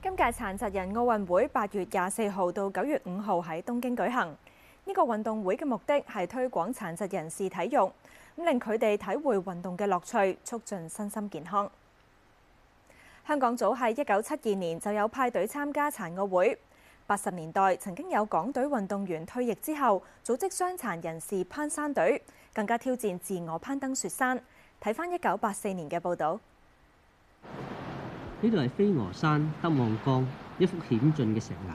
今屆殘疾人奧運會八月廿四號到九月五號喺東京舉行。呢個運動會嘅目的係推廣殘疾人士體育，咁令佢哋體會運動嘅樂趣，促進身心健康。香港早喺一九七二年就有派隊參加殘奧會，八十年代曾經有港隊運動員退役之後，組織傷殘人士攀山隊，更加挑戰自我攀登雪山。睇返一九八四年嘅報道。呢度係飛鵝山德望江一幅險峻嘅石崖，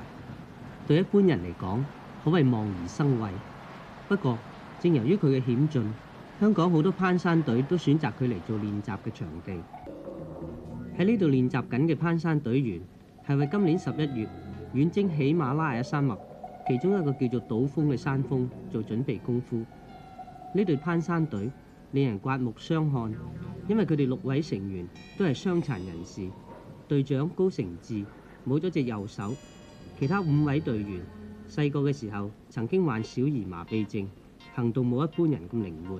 對一般人嚟講，可謂望而生畏。不過，正由於佢嘅險峻，香港好多攀山隊都選擇佢嚟做練習嘅場地。喺呢度練習緊嘅攀山隊員係為今年十一月遠征喜馬拉雅山脈，其中一個叫做島峰嘅山峰做準備功夫。呢隊攀山隊令人刮目相看，因為佢哋六位成員都係傷殘人士。隊長高成志冇咗隻右手，其他五位隊員細個嘅時候曾經患小兒麻痹症，行動冇一般人咁靈活。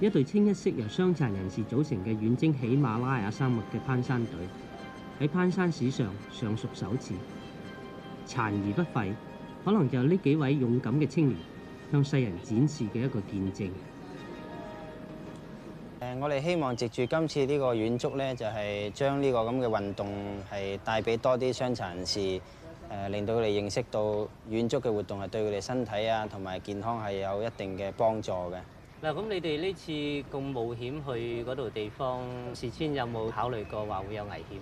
一隊清一色由傷殘人士組成嘅遠征喜馬拉雅山脈嘅攀山隊，喺攀山史上尚屬首次。殘而不廢，可能就係呢幾位勇敢嘅青年向世人展示嘅一個見證。誒，我哋希望藉住今次呢個遠足咧，就係將呢個咁嘅運動係帶俾多啲傷殘人士，誒，令到佢哋認識到遠足嘅活動係對佢哋身體啊同埋健康係有一定嘅幫助嘅。嗱，咁你哋呢次咁冒險去嗰度地方事先，有冇考慮過話會有危險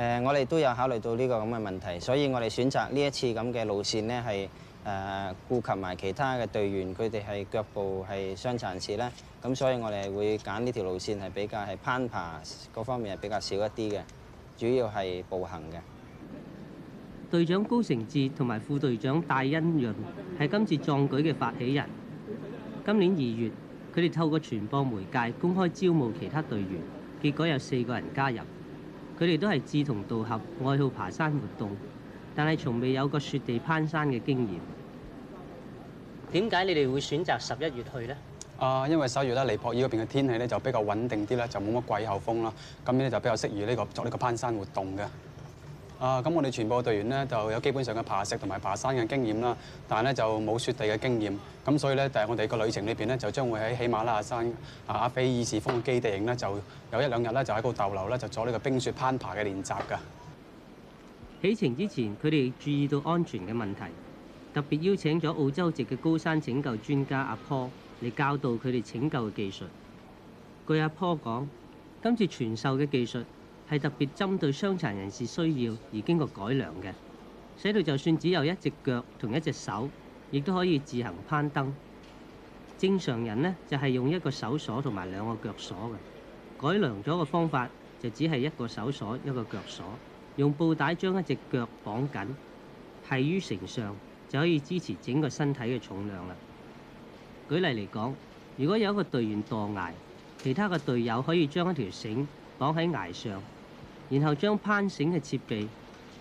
嘅？誒，我哋都有考慮到呢個咁嘅問題，所以我哋選擇呢一次咁嘅路線咧係。誒，顧及埋其他嘅隊員，佢哋係腳部係傷殘人士咧，咁所以我哋會揀呢條路線係比較係攀爬嗰方面係比較少一啲嘅，主要係步行嘅。隊長高成志同埋副隊長戴恩潤係今次壯舉嘅發起人。今年二月，佢哋透過傳播媒介公開招募其他隊員，結果有四個人加入，佢哋都係志同道合，愛好爬山活動。但係從未有過雪地攀山嘅經驗，點解你哋會選擇十一月去咧？啊，因為十一月咧，尼泊爾嗰邊嘅天氣咧就比較穩定啲啦，就冇乜季候風啦，咁樣咧就比較適宜呢個做呢個攀山活動嘅。啊，咁我哋全部隊員咧就有基本上嘅爬石同埋爬山嘅經驗啦，但係咧就冇雪地嘅經驗，咁所以咧喺我哋個旅程裏邊咧就將會喺喜馬拉雅山啊阿菲爾士峰嘅基地營咧就有一兩日咧就喺嗰度逗留咧，就做呢個冰雪攀爬嘅練習㗎。起程之前，佢哋注意到安全嘅問題，特別邀請咗澳洲籍嘅高山拯救專家阿 Paul 嚟教導佢哋拯救嘅技術。據阿 Paul 講，今次傳授嘅技術係特別針對傷殘人士需要而經過改良嘅，使到就算只有一隻腳同一隻手，亦都可以自行攀登。正常人呢，就係用一個手鎖同埋兩個腳鎖嘅，改良咗嘅方法就只係一個手鎖一個腳鎖。用布帶將一隻腳綁緊，係於繩上就可以支持整個身體嘅重量啦。舉例嚟講，如果有一個隊員墮崖，其他嘅隊友可以將一條繩綁喺崖上，然後將攀繩嘅設備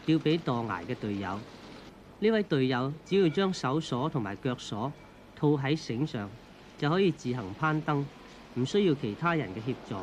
吊俾墮崖嘅隊友。呢位隊友只要將手鎖同埋腳鎖套喺繩上，就可以自行攀登，唔需要其他人嘅協助。